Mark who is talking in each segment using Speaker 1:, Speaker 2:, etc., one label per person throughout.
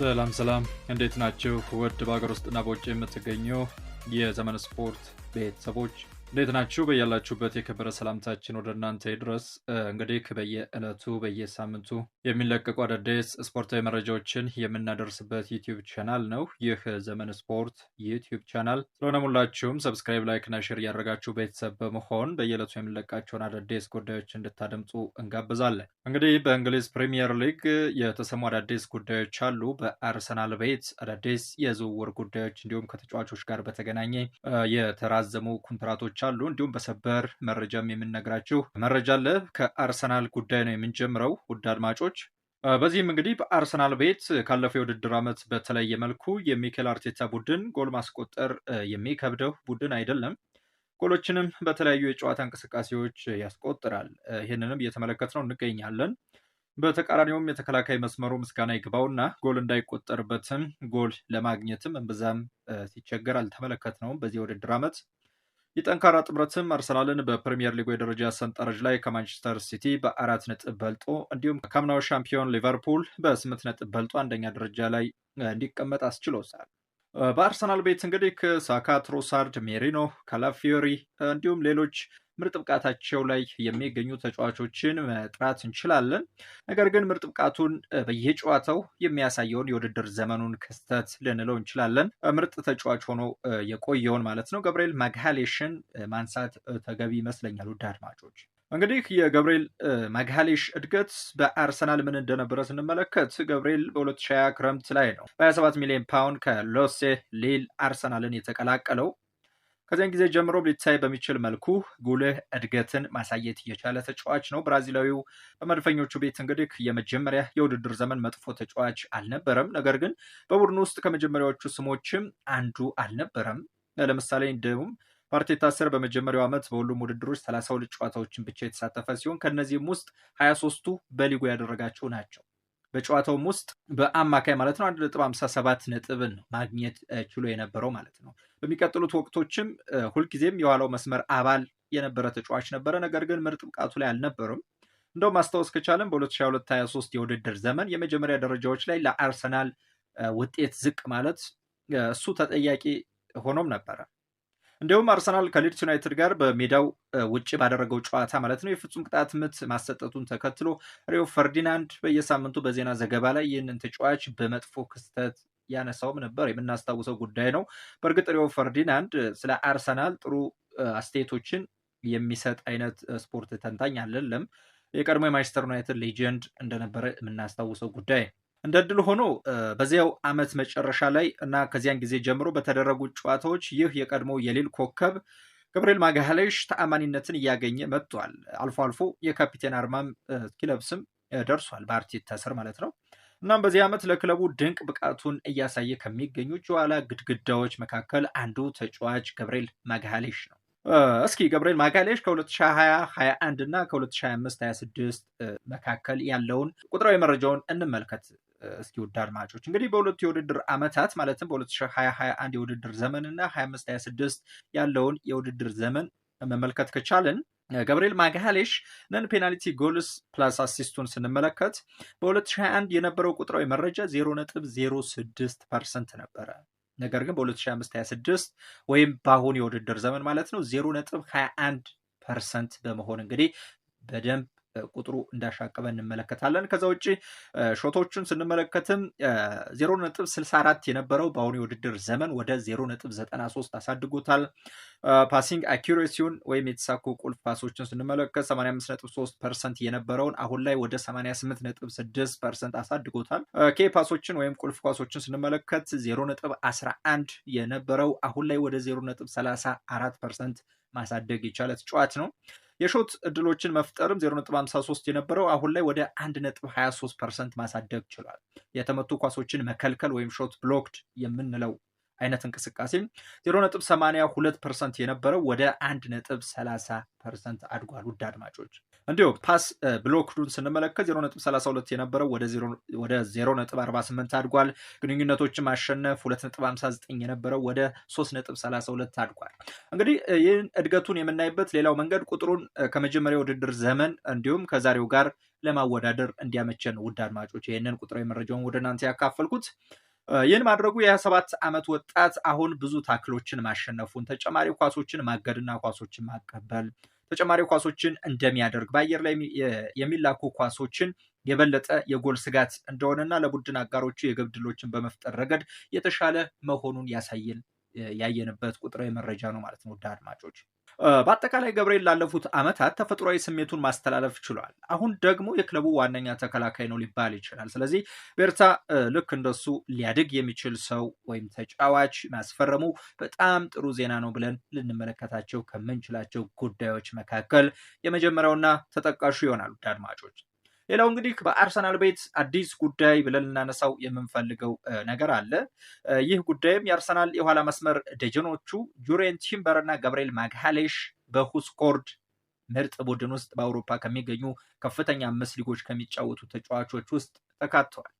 Speaker 1: ሰላም ሰላም፣ እንዴት ናችሁ? ውድ በሀገር ውስጥና በውጭ የምትገኙ የዘመን ስፖርት ቤተሰቦች እንዴት ናችሁ? በያላችሁበት የከበረ ሰላምታችን ወደ እናንተ ድረስ እንግዲህ በየዕለቱ በየሳምንቱ የሚለቀቁ አዳዲስ ስፖርታዊ መረጃዎችን የምናደርስበት ዩቲዩብ ቻናል ነው ይህ ዘመን ስፖርት ዩቲዩብ ቻናል ስለሆነ ሁላችሁም ሰብስክራይብ፣ ላይክና ሼር እያደረጋችሁ ቤተሰብ በመሆን በየዕለቱ የሚለቃቸውን አዳዲስ ጉዳዮች እንድታደምጡ እንጋብዛለን። እንግዲህ በእንግሊዝ ፕሪሚየር ሊግ የተሰሙ አዳዲስ ጉዳዮች አሉ። በአርሰናል ቤት አዳዲስ የዝውውር ጉዳዮች እንዲሁም ከተጫዋቾች ጋር በተገናኘ የተራዘሙ ኮንትራቶች መረጃዎች አሉ። እንዲሁም በሰበር መረጃም የምንነግራችሁ መረጃ አለ። ከአርሰናል ጉዳይ ነው የምንጀምረው። ውድ አድማጮች በዚህም እንግዲህ በአርሰናል ቤት ካለፈው የውድድር ዓመት በተለየ መልኩ የሚኬል አርቴታ ቡድን ጎል ማስቆጠር የሚከብደው ቡድን አይደለም። ጎሎችንም በተለያዩ የጨዋታ እንቅስቃሴዎች ያስቆጥራል። ይህንንም እየተመለከት ነው እንገኛለን። በተቃራኒውም የተከላካይ መስመሩ ምስጋና ይግባውና ጎል እንዳይቆጠርበትም ጎል ለማግኘትም እምብዛም ሲቸገር አልተመለከት ነውም በዚህ የውድድር ዓመት የጠንካራ ጥምረትም አርሰናልን በፕሪምየር ሊጉ የደረጃ ሰንጠረዥ ላይ ከማንቸስተር ሲቲ በአራት ነጥብ በልጦ እንዲሁም ከአምናው ሻምፒዮን ሊቨርፑል በስምንት ነጥብ በልጦ አንደኛ ደረጃ ላይ እንዲቀመጥ አስችሎታል። በአርሰናል ቤት እንግዲህ ከሳካ፣ ትሮሳርድ፣ ሜሪኖ፣ ካላፊዮሪ እንዲሁም ሌሎች ምርጥ ብቃታቸው ላይ የሚገኙ ተጫዋቾችን መጥራት እንችላለን። ነገር ግን ምርጥ ብቃቱን በየጨዋታው የሚያሳየውን የውድድር ዘመኑን ክስተት ልንለው እንችላለን ምርጥ ተጫዋች ሆኖ የቆየውን ማለት ነው ገብርኤል ማግሃሌሽን ማንሳት ተገቢ ይመስለኛል። ውድ አድማጮች እንግዲህ የገብርኤል መጋሌሽ እድገት በአርሰናል ምን እንደነበረ ስንመለከት ገብርኤል በ2020 ክረምት ላይ ነው በ27 ሚሊዮን ፓውንድ ከሎሴ ሊል አርሰናልን የተቀላቀለው። ከዚያን ጊዜ ጀምሮ ሊታይ በሚችል መልኩ ጉልህ እድገትን ማሳየት እየቻለ ተጫዋች ነው። ብራዚላዊው በመድፈኞቹ ቤት እንግዲህ የመጀመሪያ የውድድር ዘመን መጥፎ ተጫዋች አልነበረም። ነገር ግን በቡድኑ ውስጥ ከመጀመሪያዎቹ ስሞችም አንዱ አልነበረም። ለምሳሌ እንዲሁም በአርቴታ ስር በመጀመሪያው ዓመት በሁሉም ውድድሮች ሰላሳ ጨዋታዎችን ብቻ የተሳተፈ ሲሆን ከእነዚህም ውስጥ 23 ሶስቱ በሊጉ ያደረጋቸው ናቸው። በጨዋታውም ውስጥ በአማካይ ማለት ነው አንድ ነጥብ ሀምሳ ሰባት ነጥብን ማግኘት ችሎ የነበረው ማለት ነው። በሚቀጥሉት ወቅቶችም ሁልጊዜም የኋላው መስመር አባል የነበረ ተጫዋች ነበረ። ነገር ግን ምርጥ ብቃቱ ላይ አልነበሩም። እንደውም ማስታወስ ከቻለም በ2022/23 የውድድር ዘመን የመጀመሪያ ደረጃዎች ላይ ለአርሰናል ውጤት ዝቅ ማለት እሱ ተጠያቂ ሆኖም ነበረ። እንዲሁም አርሰናል ከሊድስ ዩናይትድ ጋር በሜዳው ውጭ ባደረገው ጨዋታ ማለት ነው የፍጹም ቅጣት ምት ማሰጠቱን ተከትሎ ሪዮ ፈርዲናንድ በየሳምንቱ በዜና ዘገባ ላይ ይህንን ተጫዋች በመጥፎ ክስተት ያነሳውም ነበር የምናስታውሰው ጉዳይ ነው። በእርግጥ ሪዮ ፈርዲናንድ ስለ አርሰናል ጥሩ አስተያየቶችን የሚሰጥ አይነት ስፖርት ተንታኝ አይደለም። የቀድሞ የማንቸስተር ዩናይትድ ሌጀንድ እንደነበረ የምናስታውሰው ጉዳይ ነው። እንደ ድል ሆኖ በዚያው ዓመት መጨረሻ ላይ እና ከዚያን ጊዜ ጀምሮ በተደረጉ ጨዋታዎች ይህ የቀድሞ የሊል ኮከብ ገብርኤል ማጋሃሌሽ ተአማኒነትን እያገኘ መጥቷል። አልፎ አልፎ የካፒቴን አርማም ኪለብስም ደርሷል በአርቴታ ስር ማለት ነው። እናም በዚህ ዓመት ለክለቡ ድንቅ ብቃቱን እያሳየ ከሚገኙ የኋላ ግድግዳዎች መካከል አንዱ ተጫዋች ገብርኤል ማጋሃሌሽ ነው። እስኪ ገብርኤል ማጋሌሽ ከ2020 21 እና ከ2025 26 መካከል ያለውን ቁጥራዊ መረጃውን እንመልከት። እስኪ ውድ አድማጮች እንግዲህ በሁለቱ የውድድር ዓመታት ማለትም በ2021 የውድድር ዘመን እና 2526 ያለውን የውድድር ዘመን መመልከት ከቻልን ገብርኤል ማግሃሌሽ ነን ፔናልቲ ጎልስ ፕላስ አሲስቱን ስንመለከት በ2021 የነበረው ቁጥራዊ መረጃ 0.06 ፐርሰንት ነበረ። ነገር ግን በ2526 ወይም በአሁን የውድድር ዘመን ማለት ነው 0.21 ፐርሰንት በመሆን እንግዲህ በደንብ ቁጥሩ እንዳሻቀበ እንመለከታለን። ከዛ ውጭ ሾቶቹን ስንመለከትም ዜሮ ነጥብ ስልሳ አራት የነበረው በአሁኑ የውድድር ዘመን ወደ ዜሮ ነጥብ ዘጠና ሶስት አሳድጎታል። ፓሲንግ አኪሬሲውን ወይም የተሳኩ ቁልፍ ፓሶችን ስንመለከት ሰማንያ አምስት ነጥብ ሶስት ፐርሰንት የነበረውን አሁን ላይ ወደ ሰማንያ ስምንት ነጥብ ስድስት ፐርሰንት አሳድጎታል። ኬ ፓሶችን ወይም ቁልፍ ኳሶችን ስንመለከት ዜሮ ነጥብ አስራ አንድ የነበረው አሁን ላይ ወደ ዜሮ ነጥብ ሰላሳ አራት ፐርሰንት ማሳደግ የቻለ ተጫዋች ነው። የሾት እድሎችን መፍጠርም 0.53 የነበረው አሁን ላይ ወደ 1.23 ፐርሰንት ማሳደግ ችሏል። የተመቱ ኳሶችን መከልከል ወይም ሾት ብሎክድ የምንለው አይነት እንቅስቃሴ 0.82 ፐርሰንት የነበረው ወደ 1.30 ፐርሰንት አድጓል። ውድ አድማጮች እንዲሁ ፓስ ብሎክዱን ስንመለከት 32 የነበረው ወደ 0ነ 48 አድጓል። ግንኙነቶችን ማሸነፍ 2.59 የነበረው ወደ 3.32 አድጓል። እንግዲህ ይህን እድገቱን የምናይበት ሌላው መንገድ ቁጥሩን ከመጀመሪያው ውድድር ዘመን እንዲሁም ከዛሬው ጋር ለማወዳደር እንዲያመቸን ውድ አድማጮች ይህንን ቁጥራዊ መረጃውን ወደ እናንተ ያካፈልኩት። ይህን ማድረጉ የ27 ዓመት ወጣት አሁን ብዙ ታክሎችን ማሸነፉን፣ ተጨማሪ ኳሶችን ማገድና ኳሶችን ማቀበል ተጨማሪ ኳሶችን እንደሚያደርግ በአየር ላይ የሚላኩ ኳሶችን የበለጠ የጎል ስጋት እንደሆነና ለቡድን አጋሮቹ የግብ ዕድሎችን በመፍጠር ረገድ የተሻለ መሆኑን ያሳየን ያየንበት ቁጥራዊ መረጃ ነው ማለት ነው። ውድ አድማጮች በአጠቃላይ ገብርኤል ላለፉት ዓመታት ተፈጥሯዊ ስሜቱን ማስተላለፍ ችሏል። አሁን ደግሞ የክለቡ ዋነኛ ተከላካይ ነው ሊባል ይችላል። ስለዚህ ቤርታ ልክ እንደሱ ሊያድግ የሚችል ሰው ወይም ተጫዋች ማስፈረሙ በጣም ጥሩ ዜና ነው ብለን ልንመለከታቸው ከምንችላቸው ጉዳዮች መካከል የመጀመሪያውና ተጠቃሹ ይሆናሉ አድማጮች ሌላው እንግዲህ በአርሰናል ቤት አዲስ ጉዳይ ብለን ልናነሳው የምንፈልገው ነገር አለ። ይህ ጉዳይም የአርሰናል የኋላ መስመር ደጀኖቹ ጁሬን ቲምበር እና ገብርኤል ማግሃሌሽ በሁስኮርድ ምርጥ ቡድን ውስጥ በአውሮፓ ከሚገኙ ከፍተኛ አምስት ሊጎች ከሚጫወቱ ተጫዋቾች ውስጥ ተካተዋል።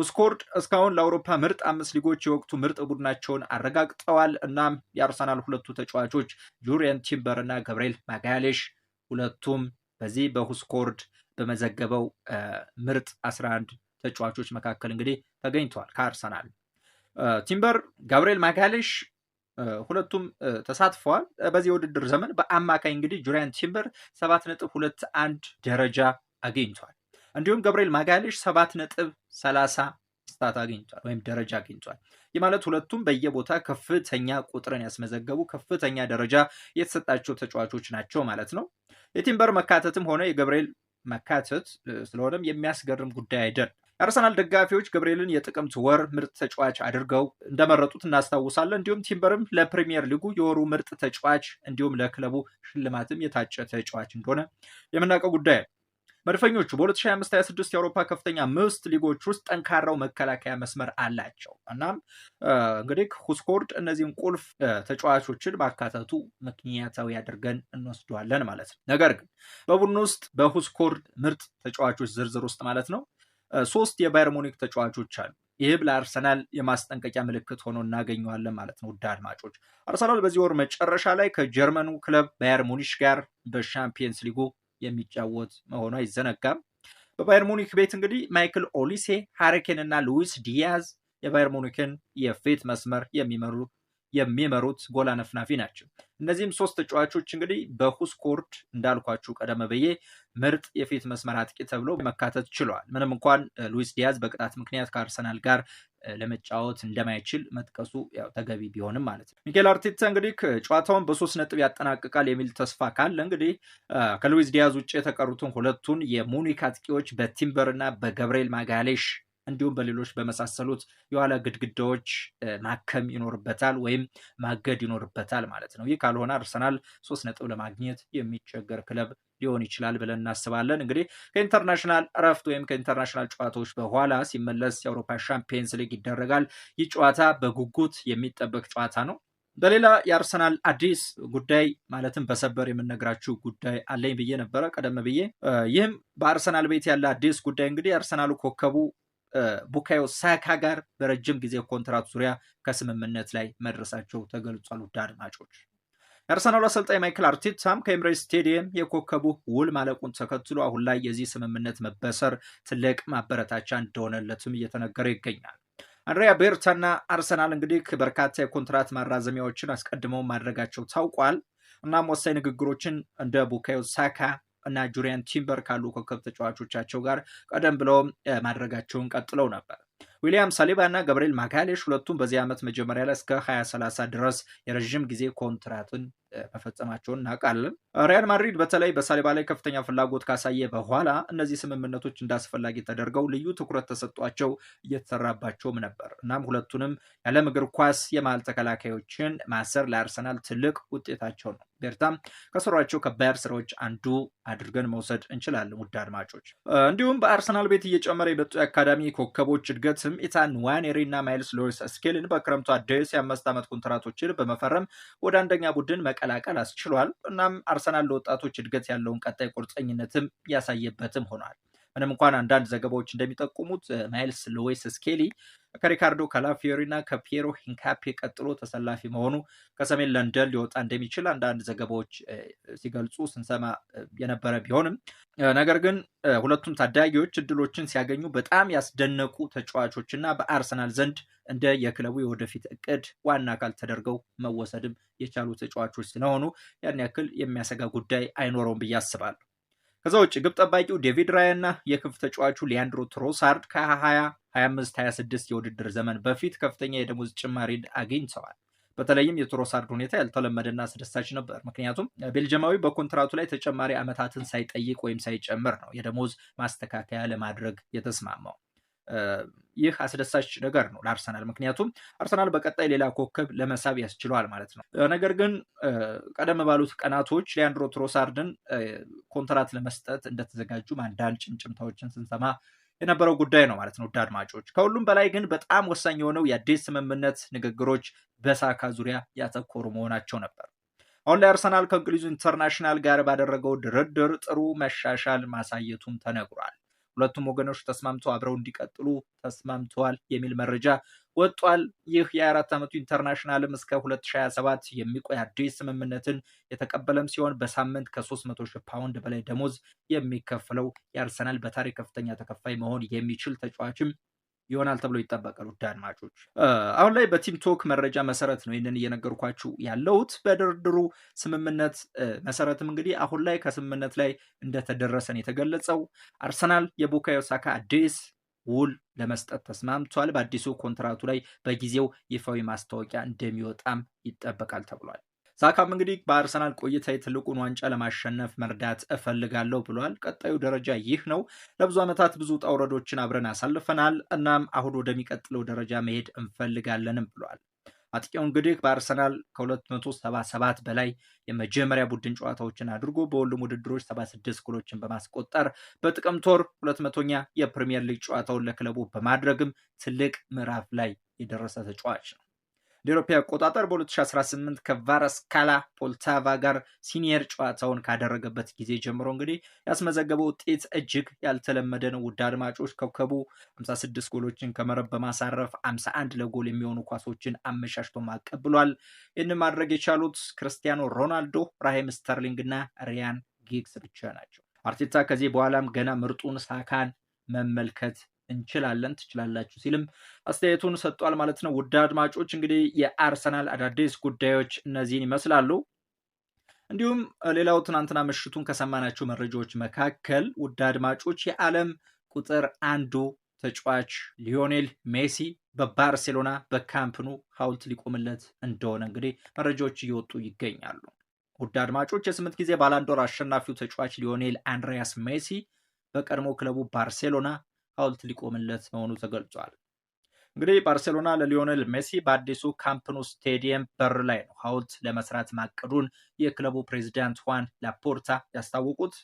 Speaker 1: ሁስኮርድ እስካሁን ለአውሮፓ ምርጥ አምስት ሊጎች የወቅቱ ምርጥ ቡድናቸውን አረጋግጠዋል። እናም የአርሰናል ሁለቱ ተጫዋቾች ጁሪየን ቲምበር እና ገብርኤል ማጋሌሽ ሁለቱም በዚህ በሁስኮርድ በመዘገበው ምርጥ 11 ተጫዋቾች መካከል እንግዲህ ተገኝተዋል። ከአርሰናል ቲምበር፣ ጋብርኤል ማጋሌሽ ሁለቱም ተሳትፈዋል። በዚህ የውድድር ዘመን በአማካይ እንግዲህ ጁሪያን ቲምበር 7.21 ደረጃ አግኝቷል። እንዲሁም ገብርኤል ማጋሌሽ 7.30 ስታት አግኝቷል ወይም ደረጃ አግኝቷል። ይህ ማለት ሁለቱም በየቦታ ከፍተኛ ቁጥርን ያስመዘገቡ ከፍተኛ ደረጃ የተሰጣቸው ተጫዋቾች ናቸው ማለት ነው። የቲምበር መካተትም ሆነ የገብርኤል መካተት ስለሆነም የሚያስገርም ጉዳይ አይደል። የአርሰናል ደጋፊዎች ገብርኤልን የጥቅምት ወር ምርጥ ተጫዋች አድርገው እንደመረጡት እናስታውሳለን። እንዲሁም ቲምበርም ለፕሪሚየር ሊጉ የወሩ ምርጥ ተጫዋች እንዲሁም ለክለቡ ሽልማትም የታጨ ተጫዋች እንደሆነ የምናውቀው ጉዳይ ነው። መድፈኞቹ በ2025/26 የአውሮፓ ከፍተኛ ምስት ሊጎች ውስጥ ጠንካራው መከላከያ መስመር አላቸው። እናም እንግዲህ ሁስኮርድ እነዚህን ቁልፍ ተጫዋቾችን ማካተቱ ምክንያታዊ አድርገን እንወስደዋለን ማለት ነው። ነገር ግን በቡድን ውስጥ በሁስኮርድ ምርጥ ተጫዋቾች ዝርዝር ውስጥ ማለት ነው ሶስት የባየር ሙኒክ ተጫዋቾች አሉ። ይህም ለአርሰናል የማስጠንቀቂያ ምልክት ሆኖ እናገኘዋለን ማለት ነው። ውድ አድማጮች፣ አርሰናል በዚህ ወር መጨረሻ ላይ ከጀርመኑ ክለብ ባየር ሙኒሽ ጋር በሻምፒየንስ ሊጉ የሚጫወት መሆኑ አይዘነጋም። በባየር ሙኒክ ቤት እንግዲህ ማይክል ኦሊሴ፣ ሃሪኬን እና ሉዊስ ዲያዝ የባየር ሙኒክን የፊት መስመር የሚመሩ የሚመሩት ጎል አነፍናፊ ናቸው። እነዚህም ሶስት ተጫዋቾች እንግዲህ በሁስኮርድ እንዳልኳችሁ ቀደም ብዬ ምርጥ የፊት መስመር አጥቂ ተብሎ መካተት ችለዋል። ምንም እንኳን ሉዊስ ዲያዝ በቅጣት ምክንያት ከአርሰናል ጋር ለመጫወት እንደማይችል መጥቀሱ ያው ተገቢ ቢሆንም ማለት ነው። ሚኬል አርቴታ እንግዲህ ጨዋታውን በሶስት ነጥብ ያጠናቅቃል የሚል ተስፋ ካለ እንግዲህ ከሉዊዝ ዲያዝ ውጭ የተቀሩትን ሁለቱን የሙኒክ አጥቂዎች በቲምበር እና በገብርኤል ማጋሌሽ እንዲሁም በሌሎች በመሳሰሉት የኋላ ግድግዳዎች ማከም ይኖርበታል ወይም ማገድ ይኖርበታል ማለት ነው። ይህ ካልሆነ አርሰናል ሶስት ነጥብ ለማግኘት የሚቸገር ክለብ ሊሆን ይችላል ብለን እናስባለን። እንግዲህ ከኢንተርናሽናል እረፍት ወይም ከኢንተርናሽናል ጨዋታዎች በኋላ ሲመለስ የአውሮፓ ሻምፒየንስ ሊግ ይደረጋል። ይህ ጨዋታ በጉጉት የሚጠበቅ ጨዋታ ነው። በሌላ የአርሰናል አዲስ ጉዳይ ማለትም በሰበር የምነግራችሁ ጉዳይ አለኝ ብዬ ነበረ ቀደም ብዬ። ይህም በአርሰናል ቤት ያለ አዲስ ጉዳይ እንግዲህ የአርሰናሉ ኮከቡ ቡካዮ ሳካ ጋር በረጅም ጊዜ ኮንትራት ዙሪያ ከስምምነት ላይ መድረሳቸው ተገልጿል። ውድ አድማጮች የአርሰናሉ አሰልጣኝ ማይክል አርቴታም ከኤምሬትስ ስቴዲየም የኮከቡ ውል ማለቁን ተከትሎ አሁን ላይ የዚህ ስምምነት መበሰር ትልቅ ማበረታቻ እንደሆነለትም እየተነገረ ይገኛል። አንድሪያ ቤርታና አርሰናል እንግዲህ በርካታ የኮንትራት ማራዘሚያዎችን አስቀድመው ማድረጋቸው ታውቋል። እናም ወሳኝ ንግግሮችን እንደ ቡካዮ ሳካ እና ጁሪያን ቲምበር ካሉ ኮከብ ተጫዋቾቻቸው ጋር ቀደም ብለው ማድረጋቸውን ቀጥለው ነበር። ዊሊያም ሳሊባ እና ገብርኤል ማጋሌሽ ሁለቱም በዚህ ዓመት መጀመሪያ ላይ እስከ 2030 ድረስ የረዥም ጊዜ ኮንትራትን መፈጸማቸውን እናውቃለን። ሪያል ማድሪድ በተለይ በሳሊባ ላይ ከፍተኛ ፍላጎት ካሳየ በኋላ እነዚህ ስምምነቶች እንዳስፈላጊ ተደርገው ልዩ ትኩረት ተሰጧቸው እየተሰራባቸውም ነበር። እናም ሁለቱንም ያለም እግር ኳስ የመሃል ተከላካዮችን ማሰር ለአርሰናል ትልቅ ውጤታቸው ነው። ቤርታም ከሰሯቸው ከባድ ስራዎች አንዱ አድርገን መውሰድ እንችላለን። ውድ አድማጮች፣ እንዲሁም በአርሰናል ቤት እየጨመረ የመጡ የአካዳሚ ኮከቦች እድገትም ኢታን ዋኔሪ እና ማይልስ ሎሪስ ስኬልን በክረምቱ አዲስ የአምስት ዓመት ኮንትራቶችን በመፈረም ወደ አንደኛ ቡድን መቀ መቀላቀል አስችሏል። እናም አርሰናል ለወጣቶች እድገት ያለውን ቀጣይ ቁርጠኝነትም ያሳየበትም ሆኗል። ምንም እንኳን አንዳንድ ዘገባዎች እንደሚጠቁሙት ማይልስ ሎዌስ ስኬሊ ከሪካርዶ ካላፊዮሪ እና ከፒየሮ ሂንካፔ ቀጥሎ ተሰላፊ መሆኑ ከሰሜን ለንደን ሊወጣ እንደሚችል አንዳንድ ዘገባዎች ሲገልጹ ስንሰማ የነበረ ቢሆንም ነገር ግን ሁለቱም ታዳጊዎች እድሎችን ሲያገኙ በጣም ያስደነቁ ተጫዋቾች በአርሰናል ዘንድ እንደ የክለቡ የወደፊት እቅድ ዋና አካል ተደርገው መወሰድም የቻሉ ተጫዋቾች ስለሆኑ ያን ያክል የሚያሰጋ ጉዳይ አይኖረውም ብዬ አስባለሁ። ከዛ ውጭ ግብ ጠባቂው ዴቪድ ራያ እና የክንፍ ተጫዋቹ ሊያንድሮ ትሮሳርድ ከ20 25-26 የውድድር ዘመን በፊት ከፍተኛ የደሞዝ ጭማሪ አግኝተዋል። በተለይም የትሮሳርድ ሁኔታ ያልተለመደና አስደሳች ነበር። ምክንያቱም ቤልጅማዊ በኮንትራቱ ላይ ተጨማሪ ዓመታትን ሳይጠይቅ ወይም ሳይጨምር ነው የደሞዝ ማስተካከያ ለማድረግ የተስማማው። ይህ አስደሳች ነገር ነው ለአርሰናል፣ ምክንያቱም አርሰናል በቀጣይ ሌላ ኮከብ ለመሳብ ያስችለዋል ማለት ነው። ነገር ግን ቀደም ባሉት ቀናቶች ሊያንድሮ ትሮሳርድን ኮንትራት ለመስጠት እንደተዘጋጁም አንዳንድ ጭምጭምታዎችን ስንሰማ የነበረው ጉዳይ ነው ማለት ነው። ውድ አድማጮች፣ ከሁሉም በላይ ግን በጣም ወሳኝ የሆነው የአዲስ ስምምነት ንግግሮች በሳካ ዙሪያ ያተኮሩ መሆናቸው ነበር። አሁን ላይ አርሰናል ከእንግሊዙ ኢንተርናሽናል ጋር ባደረገው ድርድር ጥሩ መሻሻል ማሳየቱም ተነግሯል። ሁለቱም ወገኖች ተስማምተው አብረው እንዲቀጥሉ ተስማምተዋል የሚል መረጃ ወጥቷል። ይህ የአራት ዓመቱ ኢንተርናሽናልም እስከ 2027 የሚቆይ አዲስ ስምምነትን የተቀበለም ሲሆን በሳምንት ከ300 ሺህ ፓውንድ በላይ ደሞዝ የሚከፍለው የአርሰናል በታሪክ ከፍተኛ ተከፋይ መሆን የሚችል ተጫዋችም ይሆናል ተብሎ ይጠበቃል። ውድ አድማጮች አሁን ላይ በቲም ቶክ መረጃ መሰረት ነው ይህንን እየነገርኳችሁ ያለሁት። በድርድሩ ስምምነት መሰረትም እንግዲህ አሁን ላይ ከስምምነት ላይ እንደተደረሰን የተገለጸው አርሰናል የቡካዮ ሳካ አዲስ ውል ለመስጠት ተስማምቷል። በአዲሱ ኮንትራቱ ላይ በጊዜው ይፋዊ ማስታወቂያ እንደሚወጣም ይጠበቃል ተብሏል። ሳካም እንግዲህ በአርሰናል ቆይታ የትልቁን ዋንጫ ለማሸነፍ መርዳት እፈልጋለሁ ብሏል። ቀጣዩ ደረጃ ይህ ነው። ለብዙ ዓመታት ብዙ ውጣ ውረዶችን አብረን አሳልፈናል። እናም አሁን ወደሚቀጥለው ደረጃ መሄድ እንፈልጋለንም ብሏል። አጥቂያውን እንግዲህ በአርሰናል ከ277 በላይ የመጀመሪያ ቡድን ጨዋታዎችን አድርጎ በሁሉም ውድድሮች 76 ጎሎችን በማስቆጠር በጥቅምት ወር 200ኛ የፕሪሚየር ሊግ ጨዋታውን ለክለቡ በማድረግም ትልቅ ምዕራፍ ላይ የደረሰ ተጫዋች ነው። ለኢሮፓ አቆጣጠር በ2018 ከቫራስካላ ፖልታቫ ጋር ሲኒየር ጨዋታውን ካደረገበት ጊዜ ጀምሮ እንግዲህ ያስመዘገበው ውጤት እጅግ ያልተለመደ ነው። ውድ አድማጮች ኮከቡ 56 ጎሎችን ከመረብ በማሳረፍ 51 ለጎል የሚሆኑ ኳሶችን አመሻሽቶ ማቀብሏል። ይህን ማድረግ የቻሉት ክርስቲያኖ ሮናልዶ፣ ራሂም ስተርሊንግ እና ሪያን ጊግስ ብቻ ናቸው። አርቴታ ከዚህ በኋላም ገና ምርጡን ሳካን መመልከት እንችላለን ትችላላችሁ ሲልም አስተያየቱን ሰጥቷል ማለት ነው። ውድ አድማጮች እንግዲህ የአርሰናል አዳዲስ ጉዳዮች እነዚህን ይመስላሉ። እንዲሁም ሌላው ትናንትና ምሽቱን ከሰማናቸው መረጃዎች መካከል ውድ አድማጮች የዓለም ቁጥር አንዱ ተጫዋች ሊዮኔል ሜሲ በባርሴሎና በካምፕኑ ሐውልት ሊቆምለት እንደሆነ እንግዲህ መረጃዎች እየወጡ ይገኛሉ። ውድ አድማጮች የስምንት ጊዜ ባላንዶር አሸናፊው ተጫዋች ሊዮኔል አንድሪያስ ሜሲ በቀድሞ ክለቡ ባርሴሎና ሐውልት ሊቆምለት መሆኑ ተገልጿል። እንግዲህ ባርሴሎና ለሊዮኔል ሜሲ በአዲሱ ካምፕኑ ስቴዲየም በር ላይ ነው ሐውልት ለመስራት ማቀዱን የክለቡ ፕሬዚዳንት ሁዋን ላፖርታ ያስታወቁት።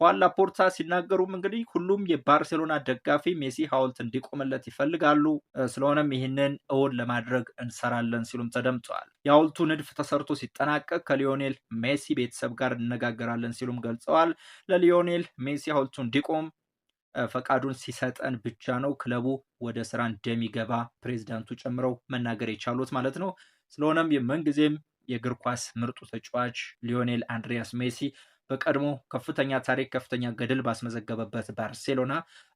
Speaker 1: ሁዋን ላፖርታ ሲናገሩም እንግዲህ ሁሉም የባርሴሎና ደጋፊ ሜሲ ሐውልት እንዲቆምለት ይፈልጋሉ፣ ስለሆነም ይህንን እውን ለማድረግ እንሰራለን ሲሉም ተደምጠዋል። የሐውልቱ ንድፍ ተሰርቶ ሲጠናቀቅ ከሊዮኔል ሜሲ ቤተሰብ ጋር እንነጋገራለን ሲሉም ገልጸዋል። ለሊዮኔል ሜሲ ሐውልቱ እንዲቆም ፈቃዱን ሲሰጠን ብቻ ነው ክለቡ ወደ ስራ እንደሚገባ ፕሬዚዳንቱ ጨምረው መናገር የቻሉት ማለት ነው። ስለሆነም የምንጊዜም የእግር ኳስ ምርጡ ተጫዋች ሊዮኔል አንድሪያስ ሜሲ በቀድሞ ከፍተኛ ታሪክ ከፍተኛ ገድል ባስመዘገበበት ባርሴሎና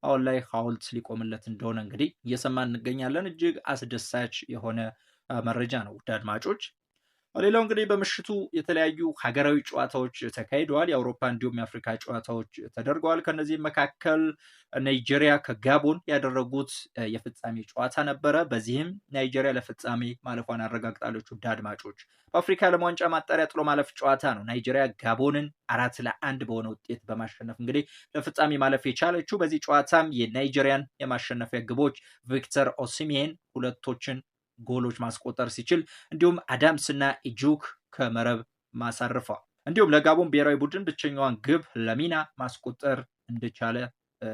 Speaker 1: አሁን ላይ ሐውልት ሊቆምለት እንደሆነ እንግዲህ እየሰማን እንገኛለን። እጅግ አስደሳች የሆነ መረጃ ነው ውድ አድማጮች። ሌላው እንግዲህ በምሽቱ የተለያዩ ሀገራዊ ጨዋታዎች ተካሂደዋል። የአውሮፓ እንዲሁም የአፍሪካ ጨዋታዎች ተደርገዋል። ከነዚህ መካከል ናይጄሪያ ከጋቦን ያደረጉት የፍጻሜ ጨዋታ ነበረ። በዚህም ናይጄሪያ ለፍጻሜ ማለፏን አረጋግጣለች። ውድ አድማጮች በአፍሪካ ዓለም ዋንጫ ማጣሪያ ጥሎ ማለፍ ጨዋታ ነው ናይጄሪያ ጋቦንን አራት ለአንድ በሆነ ውጤት በማሸነፍ እንግዲህ ለፍጻሜ ማለፍ የቻለችው። በዚህ ጨዋታም የናይጄሪያን የማሸነፊያ ግቦች ቪክተር ኦሲሜን ሁለቶችን ጎሎች ማስቆጠር ሲችል እንዲሁም አዳምስና ኢጁክ ከመረብ ማሳርፏል። እንዲሁም ለጋቦን ብሔራዊ ቡድን ብቸኛዋን ግብ ለሚና ማስቆጠር እንደቻለ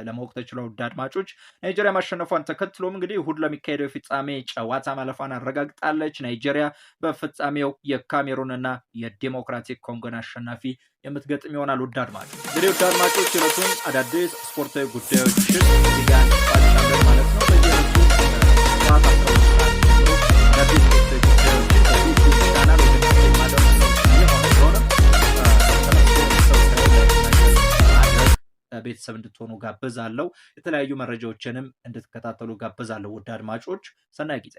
Speaker 1: ለማወቅ ተችሏል። ውድ አድማጮች ናይጄሪያ ማሸነፏን ተከትሎም እንግዲህ እሁድ ለሚካሄደው የፍጻሜ ጨዋታ ማለፏን አረጋግጣለች። ናይጄሪያ በፍጻሜው የካሜሩንና የዴሞክራቲክ ኮንጎን አሸናፊ የምትገጥም ይሆናል። ውድ አድማጮች እንግዲህ ውድ አድማጮች ዕለቱን አዳዲስ ስፖርታዊ ጉዳዮችን ዚጋን ማለት ነው በየቱ ቤተሰብ እንድትሆኑ ጋብዛለሁ። የተለያዩ መረጃዎችንም እንድትከታተሉ ጋብዛለሁ። ውድ አድማጮች ሰናይ ጊዜ